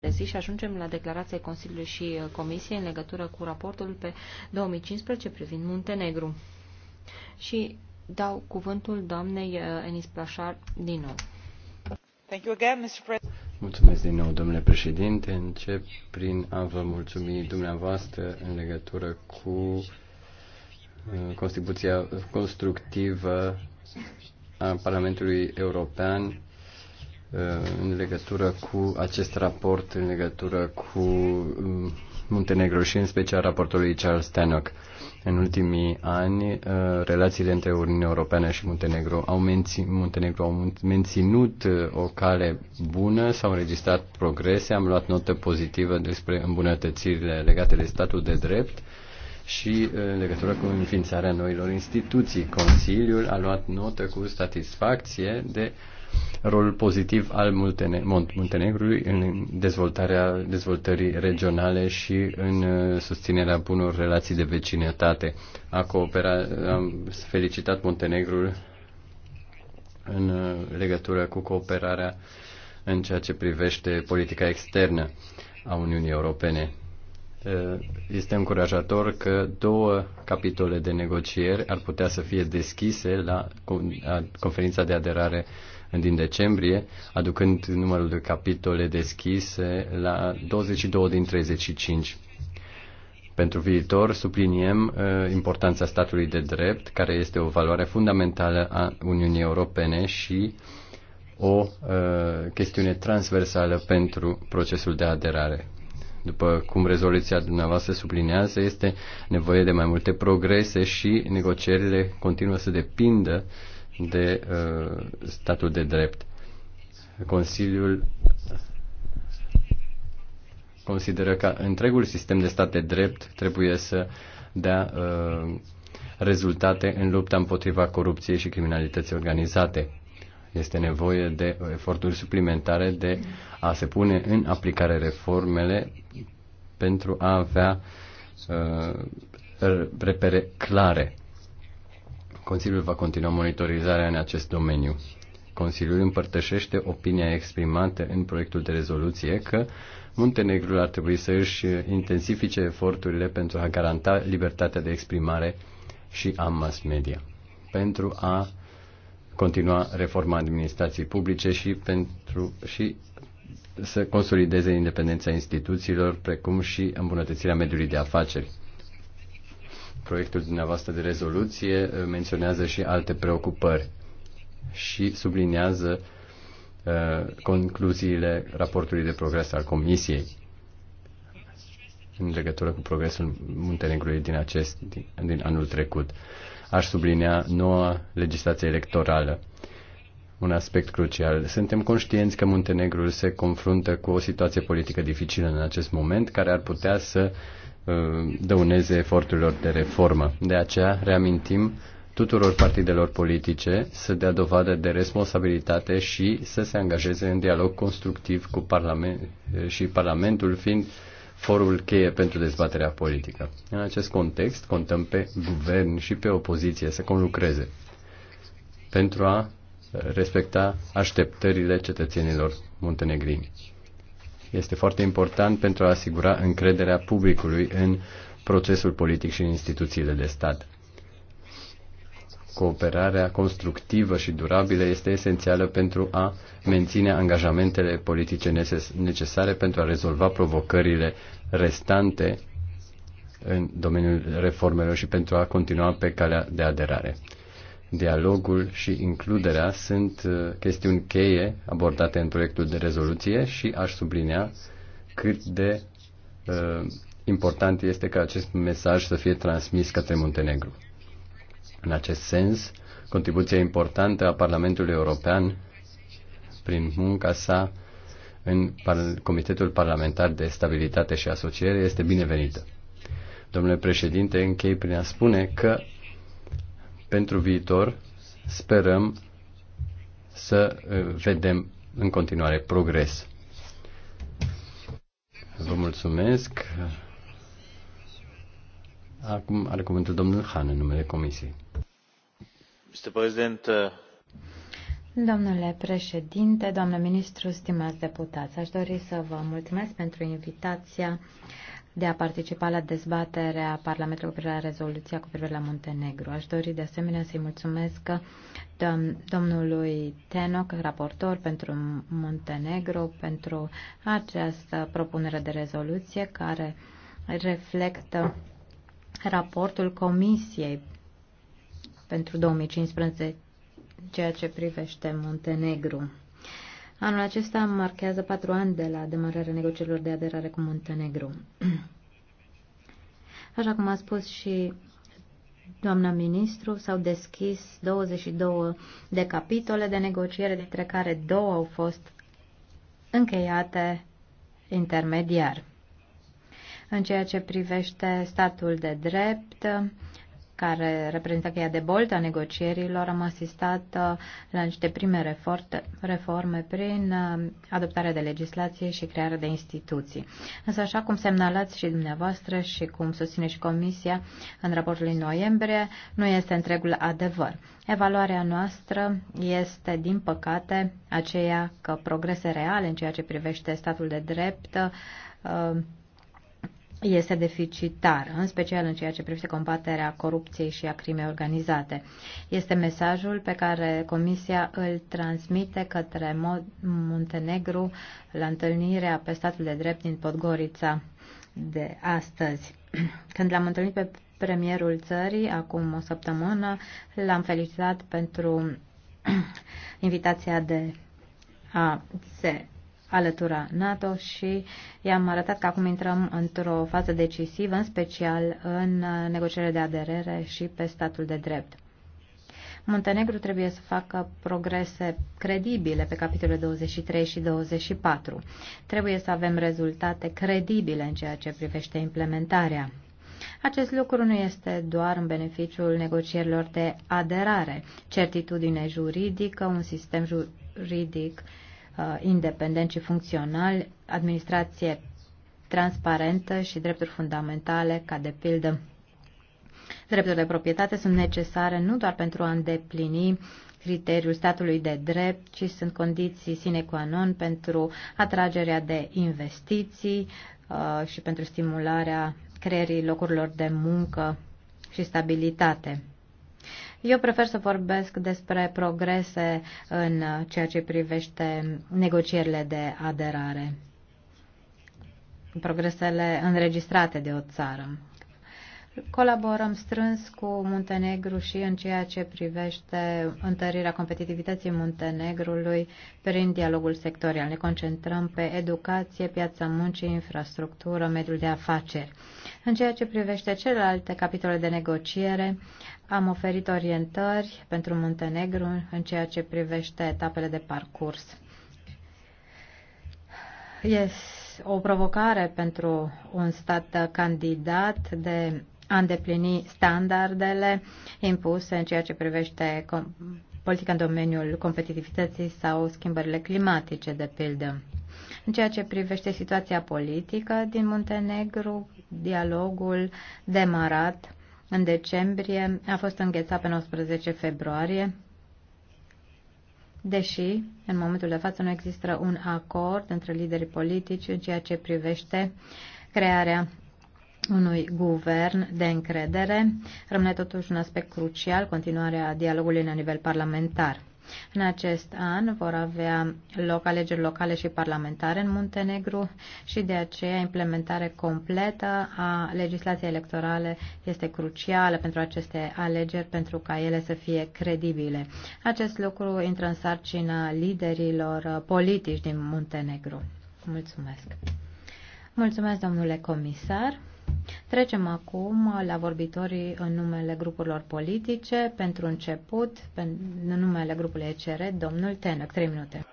de zi și ajungem la declarația Consiliului și uh, Comisiei în legătură cu raportul pe 2015 privind Muntenegru. Și dau cuvântul doamnei uh, Enis Plașar din nou. Thank you again, Mr. President. Mulțumesc din nou, domnule președinte. Încep prin a vă mulțumi dumneavoastră în legătură cu uh, contribuția constructivă a Parlamentului European Uh, în legătură cu acest raport, în legătură cu uh, Muntenegro și în special raportului Charles Tannock, În ultimii ani, uh, relațiile între Uniunea Europeană și Muntenegro au, menținut, Muntenegro au menținut o cale bună, s-au înregistrat progrese, am luat notă pozitivă despre îmbunătățirile legate de statul de drept și în legătură cu înființarea noilor instituții. Consiliul a luat notă cu satisfacție de uh, rolul pozitiv al Muntenegrului în dezvoltarea dezvoltării regionale și în uh, susținerea bunor relații de vecinătate. A coopera, am felicitat Muntenegrul în uh, legătură cu cooperarea în ceea ce privește politica externă a Uniunii Europene. Uh, este încurajator că două capitole de negocieri ar putea să fie deschise la conferința de aderare din decembrie, aducând numărul de capitole deschise la 22 din 35. Pentru viitor subliniem uh, importanța statului de drept, care este o valoare fundamentală a Uniunii Europene și o uh, chestiune transversală pentru procesul de aderare după cum rezoluția dumneavoastră sublinează, este nevoie de mai multe progrese și negocierile continuă să depindă de uh, statul de drept. Consiliul consideră că întregul sistem de stat de drept trebuie să dea uh, rezultate în lupta împotriva corupției și criminalității organizate. Este nevoie de eforturi suplimentare de a se pune în aplicare reformele pentru a avea uh, repere clare. Consiliul va continua monitorizarea în acest domeniu. Consiliul împărtășește opinia exprimată în proiectul de rezoluție că Muntenegru ar trebui să își intensifice eforturile pentru a garanta libertatea de exprimare și a mass media, pentru a continua reforma administrației publice și pentru și să consolideze independența instituțiilor, precum și îmbunătățirea mediului de afaceri proiectul dumneavoastră de rezoluție eh, menționează și alte preocupări și subliniază eh, concluziile raportului de progres al Comisiei în legătură cu progresul Muntenegrului din, acest, din, din anul trecut. Aș sublinea noua legislație electorală, un aspect crucial. Suntem conștienți că Muntenegrul se confruntă cu o situație politică dificilă în acest moment, care ar putea să uh, Uh, dăuneze eforturilor de reformă. De aceea reamintim tuturor partidelor politice să dea dovadă de responsabilitate și să se angajeze în dialog constructiv cu Parlament și Parlamentul fiind forul cheie pentru dezbaterea politică. În acest context, contăm pe guvern și pe opoziție să conlucreze pentru a respecta așteptările cetățenilor muntenegrini este foarte important pentru a asigura încrederea publicului în procesul politic și în instituțiile de stat. Cooperarea constructivă și durabilă este esențială pentru a menține angajamentele politice necesare pentru a rezolva provocările restante în domeniul reformelor și pentru a continua pe calea de aderare dialogul și includerea sunt uh, chestiuni cheie abordate în proiectul de rezoluție și aș sublinea cât de uh, important este ca acest mesaj să fie transmis către Muntenegru. În acest sens, contribuția importantă a Parlamentului European prin munca sa în Comitetul Parlamentar de Stabilitate și Asociere este binevenită. Domnule președinte, închei prin a spune că pentru viitor sperăm să uh, vedem în continuare progres. Vă mulțumesc. Acum are cuvântul domnul Han în numele Comisiei. Mr. President, uh, Domnule președinte, domnule ministru, stimați deputați, aș dori să vă mulțumesc pentru invitația de a participa la dezbaterea Parlamentului cu privire la rezoluția cu privire la Muntenegru. Aș dori de asemenea să-i mulțumesc domnului Tenoc, raportor pentru Muntenegru, pentru această propunere de rezoluție care reflectă raportul Comisiei pentru 2015 ceea ce privește Muntenegru. Anul acesta marchează patru ani de la demararea negocierilor de aderare cu Muntenegru. Așa cum a spus și doamna ministru, s-au deschis 22 de capitole de negociere, dintre care două au fost încheiate intermediar. În ceea ce privește statul de drept, care reprezintă cheia de bolt a negocierilor, am asistat uh, la niște prime reforme prin uh, adoptarea de legislație și crearea de instituții. Însă, așa cum semnalați și dumneavoastră și cum susține și Comisia în raportul din noiembrie, nu este întregul adevăr. Evaluarea noastră este, din păcate, aceea că progrese reale în ceea ce privește statul de drept uh, este deficitar, în special în ceea ce privește combaterea corupției și a crimei organizate. Este mesajul pe care Comisia îl transmite către Muntenegru la întâlnirea pe statul de drept din Podgorița de astăzi. Când l-am întâlnit pe premierul țării acum o săptămână, l-am felicitat pentru invitația de a se alătura NATO și i-am arătat că acum intrăm într-o fază decisivă, în special în negocierile de aderere și pe statul de drept. Muntenegru trebuie să facă progrese credibile pe capitolele 23 și 24. Trebuie să avem rezultate credibile în ceea ce privește implementarea. Acest lucru nu este doar în beneficiul negocierilor de aderare, certitudine juridică, un sistem juridic uh, juridic Uh, independent și funcțional, administrație transparentă și drepturi fundamentale, ca de pildă drepturile de proprietate, sunt necesare nu doar pentru a îndeplini criteriul statului de drept, ci sunt condiții sine qua non pentru atragerea de investiții uh, și pentru stimularea creierii locurilor de muncă și stabilitate. Eu prefer să vorbesc despre progrese în ceea ce privește negocierile de aderare, progresele înregistrate de o țară. Colaborăm strâns cu Muntenegru și în ceea ce privește întărirea competitivității Muntenegrului prin dialogul sectorial. Ne concentrăm pe educație, piața muncii, infrastructură, mediul de afaceri. În ceea ce privește celelalte capitole de negociere, am oferit orientări pentru Muntenegru în ceea ce privește etapele de parcurs. Este o provocare pentru un stat candidat de a îndeplini standardele impuse în ceea ce privește politica în domeniul competitivității sau schimbările climatice, de pildă. În ceea ce privește situația politică din Muntenegru, dialogul demarat în decembrie a fost înghețat pe 19 februarie, deși în momentul de față nu există un acord între liderii politici în ceea ce privește crearea unui guvern de încredere rămâne totuși un aspect crucial continuarea dialogului la nivel parlamentar. În acest an vor avea loc alegeri locale și parlamentare în Muntenegru și de aceea implementarea completă a legislației electorale este crucială pentru aceste alegeri pentru ca ele să fie credibile. Acest lucru intră în sarcina liderilor politici din Muntenegru. Mulțumesc. Mulțumesc, domnule comisar. Trecem acum la vorbitorii în numele grupurilor politice. Pentru început, în numele grupului ECR, domnul Tenec. Trei minute.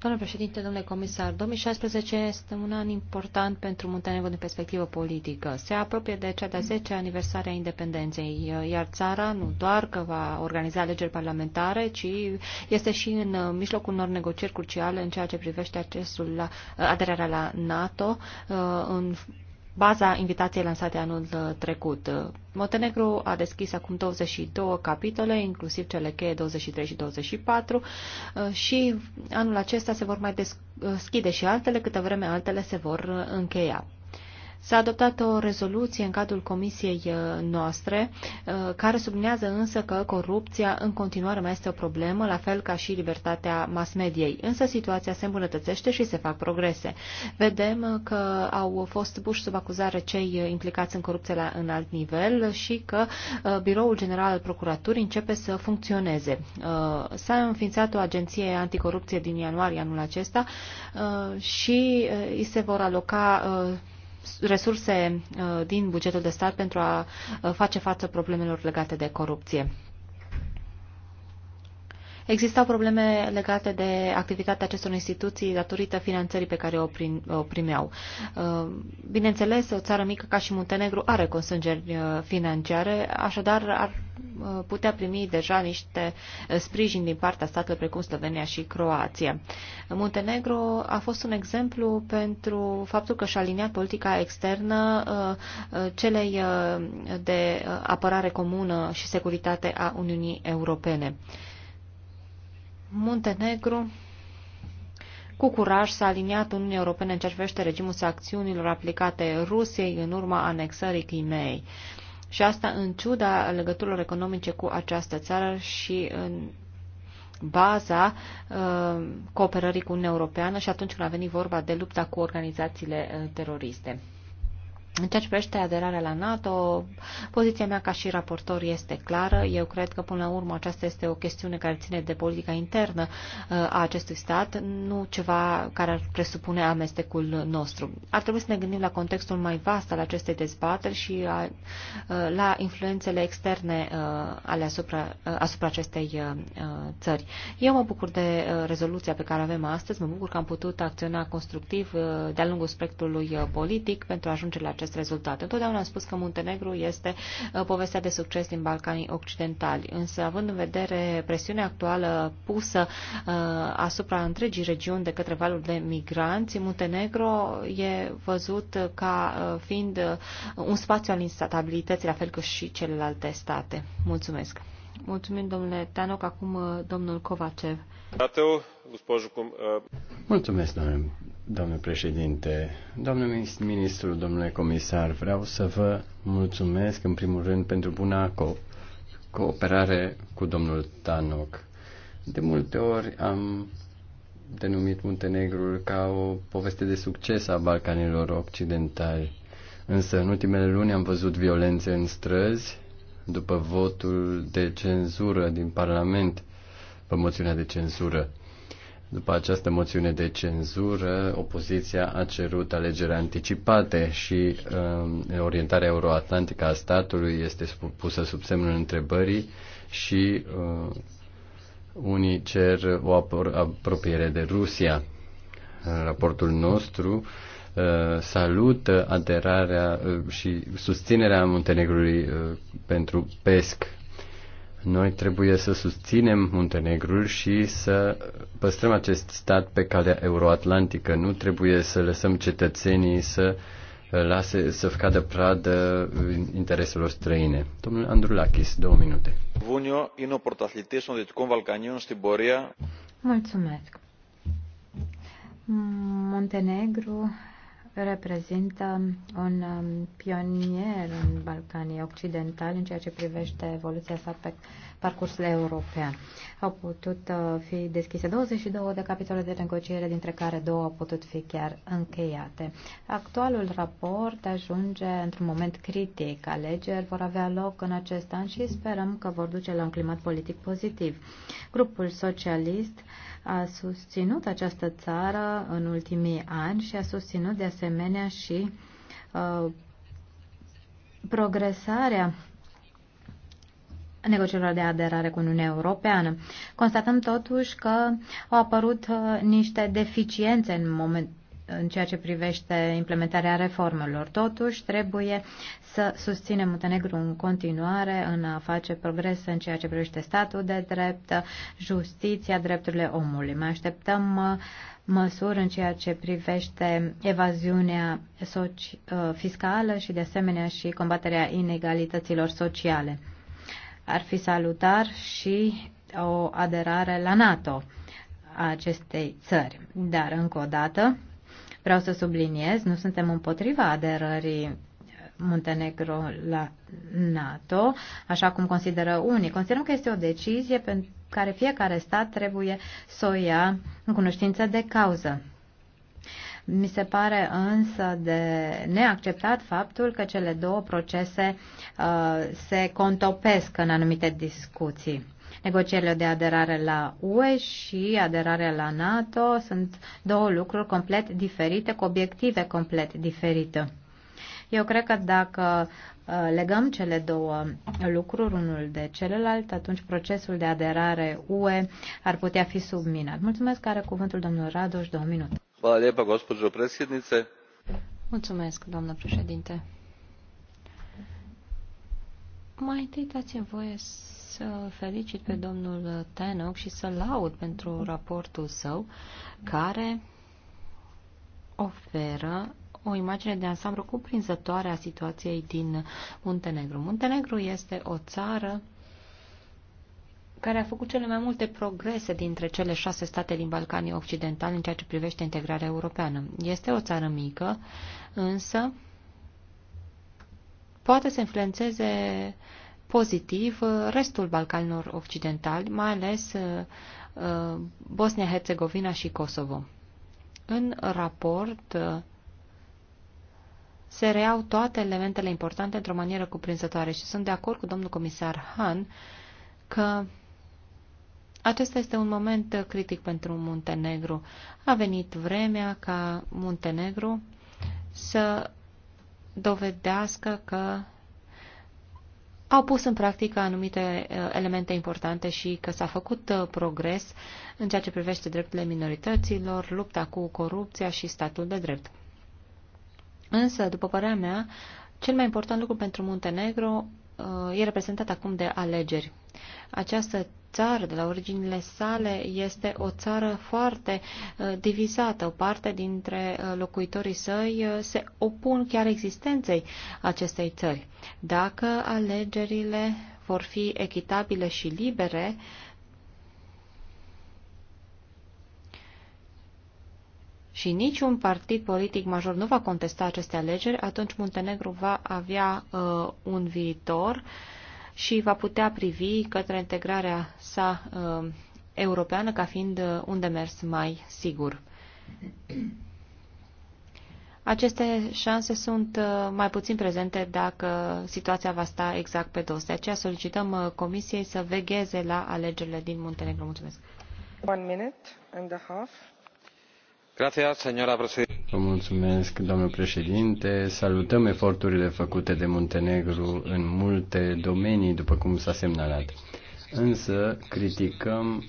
Domnul președinte, domnule comisar, 2016 este un an important pentru Muntenegru din perspectivă politică. Se apropie de cea de-a 10 aniversare a independenței, iar țara nu doar că va organiza alegeri parlamentare, ci este și în mijlocul unor negocieri cruciale în ceea ce privește accesul la aderarea la NATO, în baza invitației lansate anul uh, trecut. Montenegru a deschis acum 22 capitole, inclusiv cele cheie 23 și 24 uh, și anul acesta se vor mai deschide uh, și altele, câtă vreme altele se vor încheia. S-a adoptat o rezoluție în cadrul comisiei uh, noastre, uh, care sublinează însă că corupția în continuare mai este o problemă, la fel ca și libertatea mass mediei. Însă situația se îmbunătățește și se fac progrese. Vedem că au fost puși sub acuzare cei uh, implicați în corupție la în alt nivel și că Biroul General al Procuraturii începe să funcționeze. S-a înființat o agenție anticorupție din ianuarie anul acesta și îi se vor aloca resurse uh, din bugetul de stat pentru a uh, face față problemelor legate de corupție. Existau probleme legate de activitatea acestor instituții datorită finanțării pe care o, prim, o primeau. Uh, bineînțeles, o țară mică ca și Muntenegru are consângeri uh, financiare, așadar ar uh, putea primi deja niște sprijin din partea statelor precum Slovenia și Croația. Muntenegru a fost un exemplu pentru faptul că și-a aliniat politica externă celei de apărare comună și securitate a Uniunii Europene. Muntenegru cu curaj s-a aliniat Uniunea Europene în ce privește regimul sancțiunilor aplicate Rusiei în urma anexării Crimeei. Și asta în ciuda legăturilor economice cu această țară și în baza uh, cooperării cu Uniunea Europeană și atunci când a venit vorba de lupta cu organizațiile uh, teroriste. În ceea ce privește aderarea la NATO, poziția mea ca și raportor este clară. Eu cred că, până la urmă, aceasta este o chestiune care ține de politica internă uh, a acestui stat, nu ceva care ar presupune amestecul nostru. Ar trebui să ne gândim la contextul mai vast al acestei dezbateri și a, uh, uh, la influențele externe ale asupra, asupra acestei țări. Eu mă bucur de rezoluția pe care avem astăzi, mă bucur că am putut acționa constructiv de-a lungul spectrului politic pentru a ajunge la acest rezultat. Întotdeauna am spus că Muntenegru este uh, povestea de succes din Balcanii Occidentali, însă având în vedere presiunea actuală pusă uh, asupra întregii regiuni de către valul de migranți, Muntenegro e văzut ca uh, fiind un spațiu al instabilității, la fel ca și celelalte state. Mulțumesc! Mulțumim, domnule Tanoc. Acum, domnul Kovacev. Mulțumesc, domnule Domnule președinte, domnule ministru, domnule comisar, vreau să vă mulțumesc în primul rând pentru buna co- cooperare cu domnul Tanoc. De multe ori am denumit Muntenegrul ca o poveste de succes a Balcanilor Occidentali, însă în ultimele luni am văzut violențe în străzi după votul de cenzură din Parlament, pe moțiunea de cenzură după această moțiune de cenzură, opoziția a cerut alegeri anticipate și uh, orientarea euroatlantică a statului este pusă sub semnul întrebării și uh, unii cer o apropiere de Rusia. În raportul nostru uh, salută aderarea uh, și susținerea Muntenegrului uh, pentru PESC noi trebuie să susținem Muntenegrul și să păstrăm acest stat pe calea euroatlantică. Nu trebuie să lăsăm cetățenii să lase să cadă pradă intereselor străine. Domnul Andrulakis, două minute. Vunio είναι ο πρωταθλητής των valcanion Βαλκανίων Mulțumesc. Montenegru reprezintă un um, pionier în Balcanii Occidentali în ceea ce privește evoluția sa pe parcursul european. Au putut uh, fi deschise 22 de capitole de negociere, dintre care două au putut fi chiar încheiate. Actualul raport ajunge într-un moment critic. Alegeri vor avea loc în acest an și sperăm că vor duce la un climat politic pozitiv. Grupul socialist uh, a susținut această țară în ultimii ani și a susținut de asemenea și uh, progresarea negocierilor de aderare cu Uniunea Europeană. Constatăm totuși că au apărut uh, niște deficiențe în moment, în ceea ce privește implementarea reformelor. Totuși, trebuie să susținem Muntenegru în continuare în a face progrese în ceea ce privește statul de drept, justiția, drepturile omului. Mai așteptăm uh, măsuri în ceea ce privește evaziunea soci, uh, fiscală și, de asemenea, și combaterea inegalităților sociale. Ar fi salutar și o aderare la NATO a acestei țări. Dar, încă o dată, Vreau să subliniez, nu suntem împotriva aderării Muntenegro la NATO, așa cum consideră unii. Considerăm că este o decizie pe care fiecare stat trebuie să o ia în cunoștință de cauză. Mi se pare însă de neacceptat faptul că cele două procese uh, se contopesc în anumite discuții. Negocierile de aderare la UE și aderarea la NATO sunt două lucruri complet diferite, cu obiective complet diferite. Eu cred că dacă uh, legăm cele două lucruri unul de celălalt, atunci procesul de aderare UE ar putea fi subminat. Mulțumesc, are cuvântul domnul Radoș, două minute. Vă lepă, președinte. Mulțumesc, doamnă președinte. Mai întâi dați-mi voie să să felicit pe domnul Tenoc și să laud pentru raportul său, care oferă o imagine de ansamblu cuprinzătoare a situației din Muntenegru. Muntenegru este o țară care a făcut cele mai multe progrese dintre cele șase state din Balcanii Occidentali în ceea ce privește integrarea europeană. Este o țară mică, însă poate să influențeze pozitiv uh, restul Balcanilor Occidentali, mai ales uh, uh, Bosnia-Herzegovina și Kosovo. În raport se reau toate elementele importante într-o manieră cuprinzătoare și sunt de acord cu domnul comisar Han că acesta este un moment critic pentru Muntenegru. A venit vremea ca Muntenegru să dovedească că au pus în practică anumite uh, elemente importante și că s-a făcut uh, progres în ceea ce privește drepturile minorităților, lupta cu corupția și statul de drept. Însă, după părerea mea, cel mai important lucru pentru Muntenegro uh, e reprezentat acum de alegeri. Această țară, de la originile sale, este o țară foarte uh, divizată. O parte dintre uh, locuitorii săi uh, se opun chiar existenței acestei țări. Dacă alegerile vor fi echitabile și libere, și niciun partid politic major nu va contesta aceste alegeri, atunci Muntenegru va avea uh, un viitor uh, și va putea privi către integrarea sa uh, europeană ca fiind uh, un demers mai sigur. Aceste șanse sunt uh, mai puțin prezente dacă situația va sta exact pe dos. De aceea solicităm Comisiei să vegheze la alegerile din Muntenegru. Mulțumesc. One minute and a half. Vă mulțumesc, domnule președinte. Salutăm eforturile făcute de Muntenegru în multe domenii, după cum s-a semnalat. Însă criticăm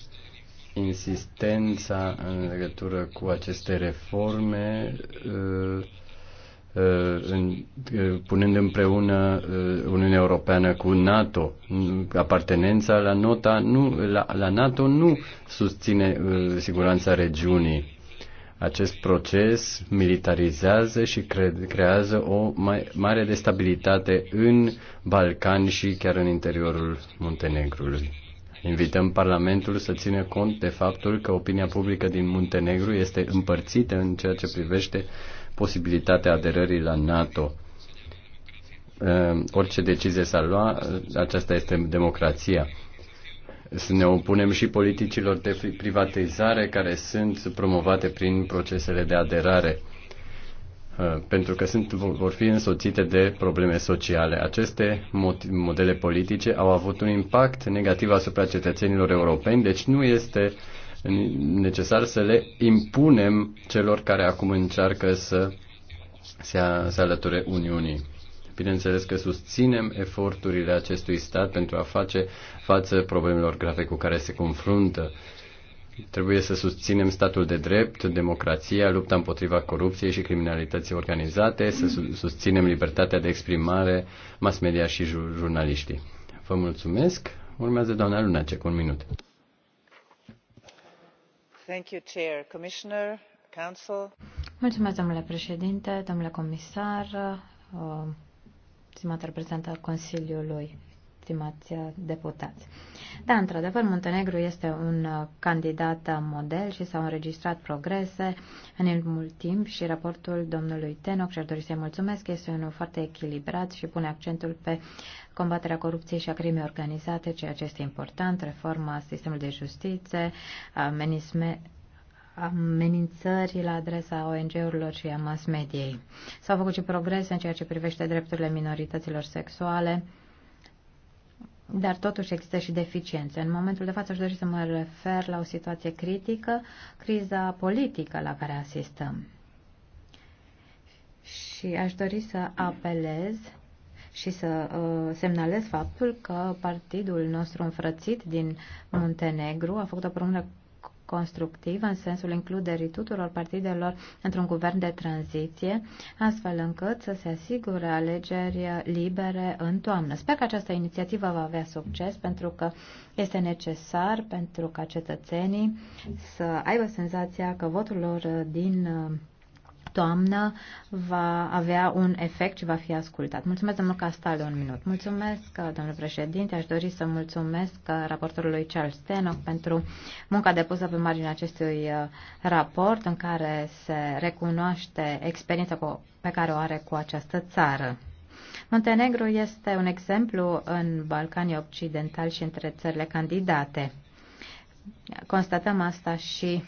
insistența în legătură cu aceste reforme, uh, uh, uh, punând împreună Uniunea Europeană cu NATO. Apartenența la, nota nu, la, la NATO nu susține siguranța regiunii acest proces militarizează și cre- creează o mai mare destabilitate în Balcani și chiar în interiorul Muntenegrului. Invităm Parlamentul să țină cont de faptul că opinia publică din Muntenegru este împărțită în ceea ce privește posibilitatea aderării la NATO. Ă, orice decizie s-ar lua, aceasta este democrația să ne opunem și politicilor de privatizare care sunt promovate prin procesele de aderare, uh, pentru că sunt, vor fi însoțite de probleme sociale. Aceste modele politice au avut un impact negativ asupra cetățenilor europeni, deci nu este necesar să le impunem celor care acum încearcă să se, se alăture Uniunii. Bineînțeles că susținem eforturile acestui stat pentru a face față problemelor grave cu care se confruntă. Trebuie să susținem statul de drept, democrația, lupta împotriva corupției și criminalității organizate, să susținem libertatea de exprimare, mass media și jurnaliștii. Vă mulțumesc. Urmează doamna Lunacek, un minut. Thank you, Chair. Commissioner, Council. Mulțumesc, domnule președinte, domnule comisar, uh, stimat reprezentant al Consiliului, stimați uh, deputați. Da, într-adevăr, Muntenegru este un uh, candidat model și s-au înregistrat progrese în mult timp și raportul domnului Tenoc și-ar dori să-i mulțumesc, este unul foarte echilibrat și pune accentul pe combaterea corupției și a crimei organizate, ceea ce este important, reforma sistemului de justiție, amenințări la adresa ONG-urilor și a mass mediei. S-au făcut și progrese în ceea ce privește drepturile minorităților sexuale, dar totuși există și deficiențe. În momentul de față aș dori să mă refer la o situație critică, criza politică la care asistăm. Și aș dori să apelez și să uh, semnalez faptul că partidul nostru înfrățit din Muntenegru a făcut o propunere constructiv în sensul includerii tuturor partidelor într-un guvern de tranziție, astfel încât să se asigure alegeri libere în toamnă. Sper că această inițiativă va avea succes pentru că este necesar pentru ca cetățenii să aibă senzația că votul lor din toamnă va avea un efect și va fi ascultat. Mulțumesc, domnul Castaldo, un minut. Mulțumesc, domnule președinte. Aș dori să mulțumesc raportorului Charles Stenock pentru munca depusă pe marginea acestui uh, raport în care se recunoaște experiența pe care o are cu această țară. Montenegro este un exemplu în Balcanii Occidentali și între țările candidate. Constatăm asta și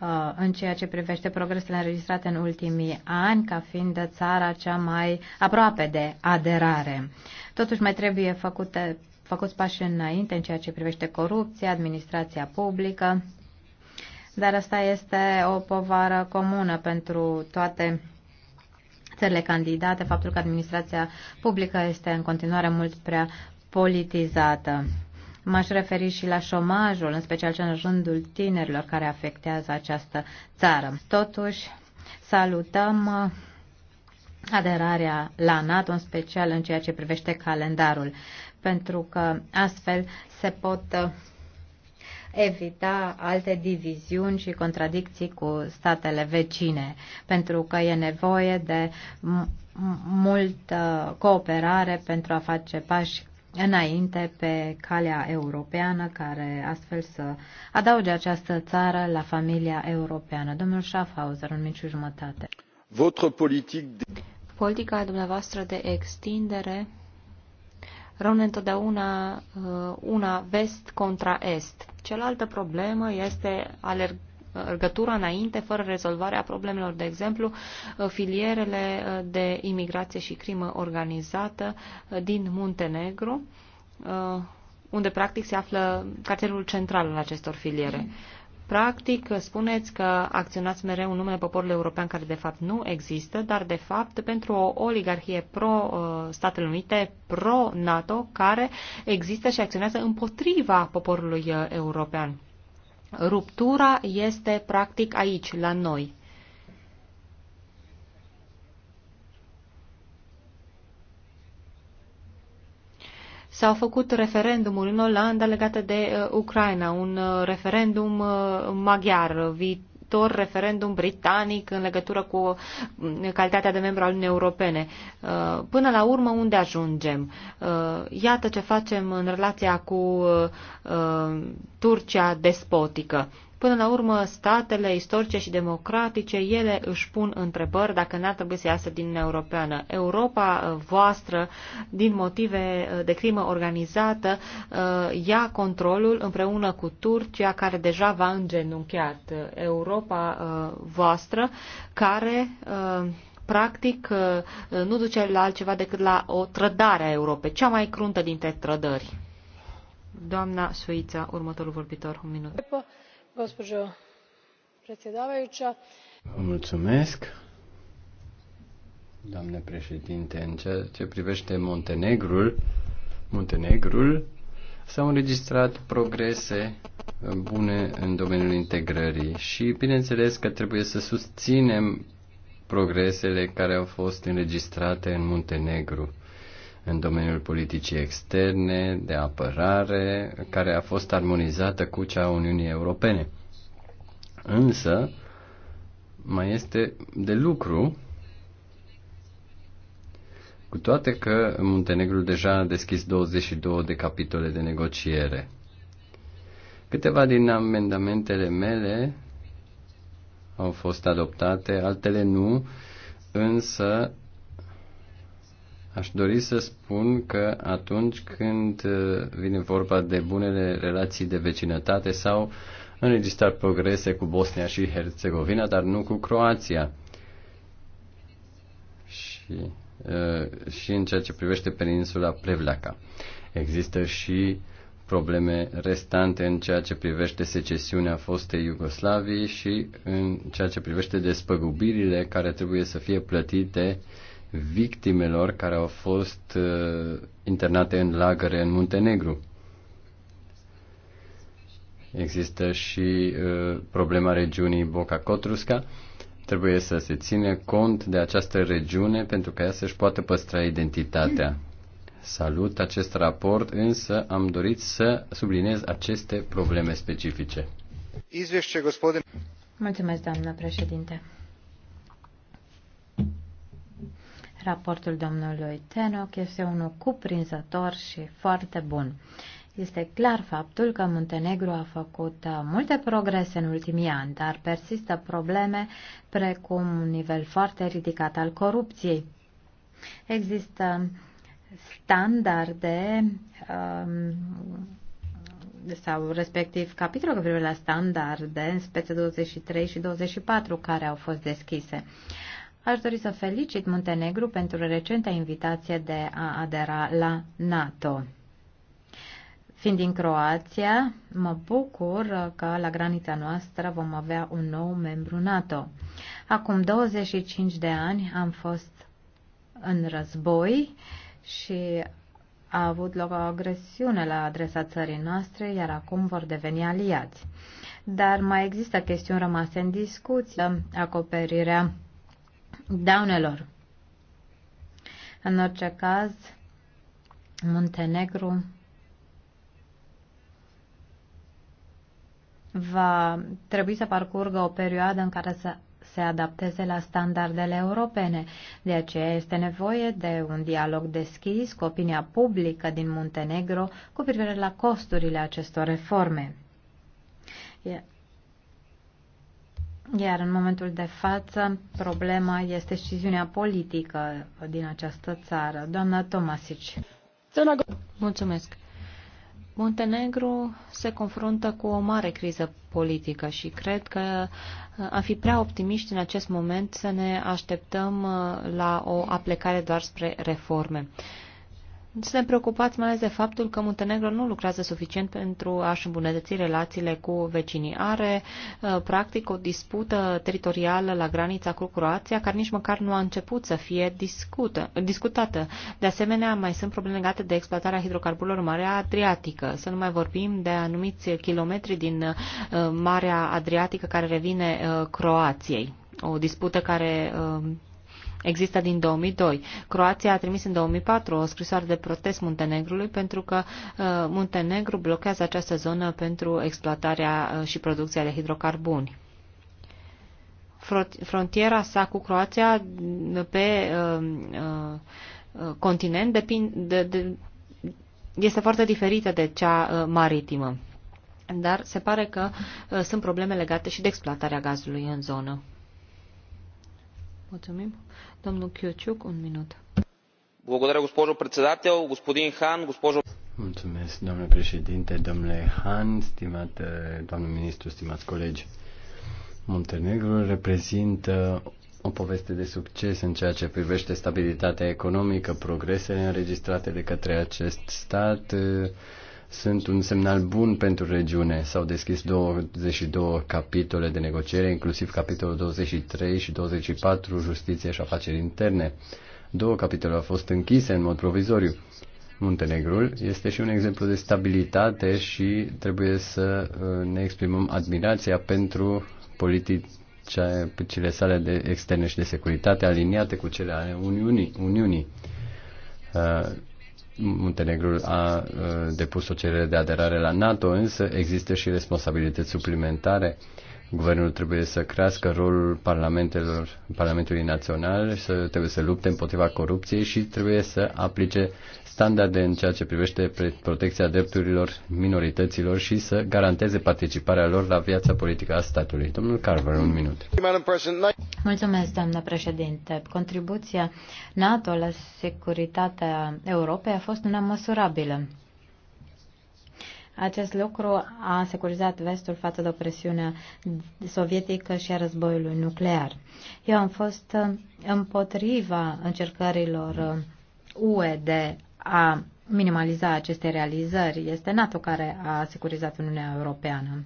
Uh, în ceea ce privește progresele înregistrate în ultimii ani, ca fiind țara cea mai aproape de aderare. Totuși mai trebuie făcute, făcuți pași înainte în ceea ce privește corupția, administrația publică, dar asta este o povară comună pentru toate țările candidate, faptul că administrația publică este în continuare mult prea politizată. M-aș referi și la șomajul, în special cel în rândul tinerilor care afectează această țară. Totuși, salutăm uh, aderarea la NATO, în special în ceea ce privește calendarul, pentru că astfel se pot uh, evita alte diviziuni și contradicții cu statele vecine, pentru că e nevoie de multă cooperare pentru a face pași înainte pe calea europeană, care astfel să adauge această țară la familia europeană. Domnul Schaffhauser, un mic jumătate. Votre politic de... Politica dumneavoastră de extindere rămâne întotdeauna uh, una vest contra est. Cealaltă problemă este alergarea legătura înainte fără rezolvarea problemelor, de exemplu, filierele de imigrație și crimă organizată din Muntenegru, unde practic se află cartelul central al acestor filiere. Practic, spuneți că acționați mereu în numele poporului european care de fapt nu există, dar de fapt pentru o oligarhie pro-Statele uh, Unite, pro-NATO, care există și acționează împotriva poporului uh, european. Ruptura este practic aici, la noi. S-au făcut referendumuri în Olanda legate de uh, Ucraina, un uh, referendum uh, maghiar. vit, viitor referendum britanic în legătură cu mm, calitatea de membru al Uniunii Europene. Uh, până la urmă, unde ajungem? Uh, iată ce facem în relația cu uh, Turcia despotică. Până la urmă, statele istorice și democratice, ele își pun întrebări dacă n-ar trebui să iasă din Uniunea Europeană. Europa uh, voastră, din motive uh, de crimă organizată, uh, ia controlul împreună cu Turcia, care deja va îngenunchiat. Europa voastră, care practic nu duce la altceva decât la o trădare a Europei, cea mai cruntă dintre trădări. Doamna Suița, următorul vorbitor, un minut gospođo predsjedavajuća doamnă președinte în ceea ce privește Montenegrul Montenegrul s-au înregistrat progrese bune în domeniul integrării și bineînțeles că trebuie să susținem progresele care au fost înregistrate în Muntenegru în domeniul politicii externe, de apărare, care a fost armonizată cu cea a Uniunii Europene. Însă, mai este de lucru, cu toate că Muntenegru deja a deschis 22 de capitole de negociere. Câteva din amendamentele mele au fost adoptate, altele nu, însă Aș dori să spun că atunci când uh, vine vorba de bunele relații de vecinătate sau înregistrat progrese cu Bosnia și Herțegovina, dar nu cu Croația. Și, uh, și în ceea ce privește peninsula Prevleaca. Există și probleme restante în ceea ce privește secesiunea fostei Iugoslavii și în ceea ce privește despăgubirile care trebuie să fie plătite uh, victimelor care au fost uh, internate în lagăre în Muntenegru. Există și uh, problema regiunii Boca Cotrusca. Trebuie să se ține cont de această regiune pentru că ea să-și poată păstra identitatea. Salut acest raport, însă am dorit să subliniez aceste probleme specifice. Mulțumesc, doamnă președinte. Raportul domnului Tenoc este unul cuprinzător și foarte bun. Este clar faptul că Muntenegru a făcut uh, multe progrese în ultimii ani, dar persistă probleme precum un nivel foarte ridicat al corupției. Există standarde um, sau respectiv capitolul privind la standarde în spețe 23 și 24 care au fost deschise. Aș dori să felicit Muntenegru pentru recenta invitație de a adera la NATO. Fiind din Croația, mă bucur că la granița noastră vom avea un nou membru NATO. Acum 25 de ani am fost în război și a avut loc o agresiune la adresa țării noastre, iar acum vor deveni aliați. Dar mai există chestiuni rămase în discuție, acoperirea daunelor. În orice caz, Muntenegru va trebui să parcurgă o perioadă în care să se adapteze la standardele europene. De aceea este nevoie de un dialog deschis cu opinia publică din Muntenegro cu privire la costurile acestor reforme. Iar în momentul de față, problema este sciziunea politică din această țară. Doamna Tomasici. Mulțumesc. Muntenegru se confruntă cu o mare criză politică și cred că uh, am fi prea optimiști în acest moment să ne așteptăm uh, la o aplecare doar spre reforme. Suntem preocupați mai ales de faptul că Muntenegro nu lucrează suficient pentru a-și îmbunătăți relațiile cu vecinii. Are, uh, practic, o dispută teritorială la granița cu Croația, care nici măcar nu a început să fie discută, discutată. De asemenea, mai sunt probleme legate de exploatarea hidrocarburilor în Marea Adriatică. Să nu mai vorbim de anumiți kilometri din uh, Marea Adriatică care revine uh, Croației. O dispută care există din 2002. Croația a trimis în 2004 o scrisoare de protest Muntenegrului pentru că uh, Muntenegru blochează această zonă pentru exploatarea uh, și producția de hidrocarburi frontiera sa cu Croația mm, pe uh, continent de, este foarte diferită de cea maritimă. Dar se pare că sunt probleme legate și de exploatarea gazului în zonă. Mulțumim. Domnul Chiociuc, un minut. Благодаря, госпожо председател, господин Хан, госпожо... Mulțumesc, domnule președinte, domnule Han, stimat doamnă ministru, stimați colegi. Montenegro reprezintă o poveste de succes în ceea ce privește stabilitatea economică, progresele înregistrate de către acest stat, sunt un semnal bun pentru regiune. S-au deschis 22 capitole de negociere, inclusiv capitolul 23 și 24, justiție și afaceri interne. Două capitole au fost închise în mod provizoriu. Muntenegrul este și un exemplu de stabilitate și trebuie să uh, ne exprimăm admirația pentru politicile sale de externe și de securitate aliniate cu cele ale Uniunii. Uniunii uh, Muntenegrul a depus o cerere de aderare la NATO, însă există și responsabilități suplimentare. Guvernul trebuie să crească rolul parlamentelor, Parlamentului Național, să, trebuie să lupte împotriva corupției și trebuie să aplice standarde în ceea ce privește protecția drepturilor minorităților și să garanteze participarea lor la viața politică a statului. Domnul Carver, un minut. Mulțumesc, doamnă președinte. Contribuția NATO la securitatea Europei a fost una măsurabilă. Acest lucru a securizat vestul față de opresiunea sovietică și a războiului nuclear. Eu am fost împotriva încercărilor UE uh, de a minimaliza aceste realizări este NATO care a securizat Uniunea Europeană.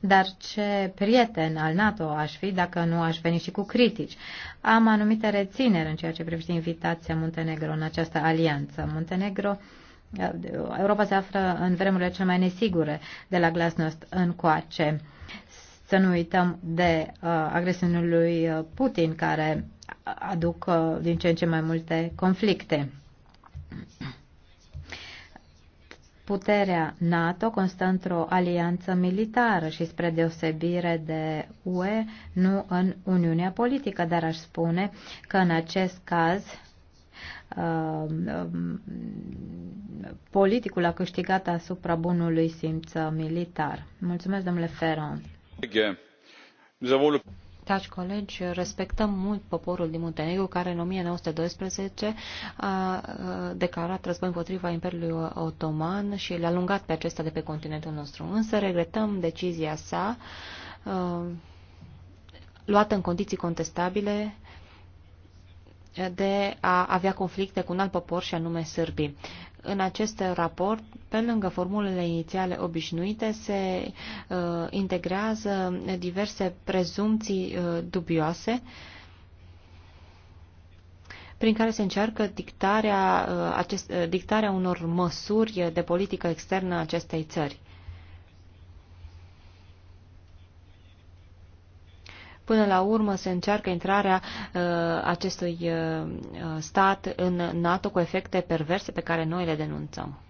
Dar ce prieten al NATO aș fi dacă nu aș veni și cu critici? Am anumite rețineri în ceea ce privește invitația Muntenegro în această alianță. Muntenegro Europa se află în vremurile cele mai nesigure de la glasnost încoace. Să nu uităm de uh, agresiunea lui Putin, care aduc uh, din ce în ce mai multe conflicte. Puterea NATO constă într-o alianță militară și spre deosebire de UE, nu în Uniunea Politică, dar aș spune că în acest caz um, um, politicul a câștigat asupra bunului simț militar. Mulțumesc, domnule Ferron. Dragi colegi, respectăm mult poporul din Muntenegru, care în 1912 a declarat război împotriva Imperiului Otoman și l-a lungat pe acesta de pe continentul nostru. Însă regretăm decizia sa, luată în condiții contestabile, de a avea conflicte cu un alt popor și anume sârbii. În acest raport, pe lângă formulele inițiale obișnuite, se uh, integrează diverse prezumții uh, dubioase prin care se încearcă dictarea, uh, acest, uh, dictarea unor măsuri de politică externă a acestei țări. Până la urmă se încearcă intrarea uh, acestui uh, uh, stat în NATO cu efecte perverse pe care noi le denunțăm.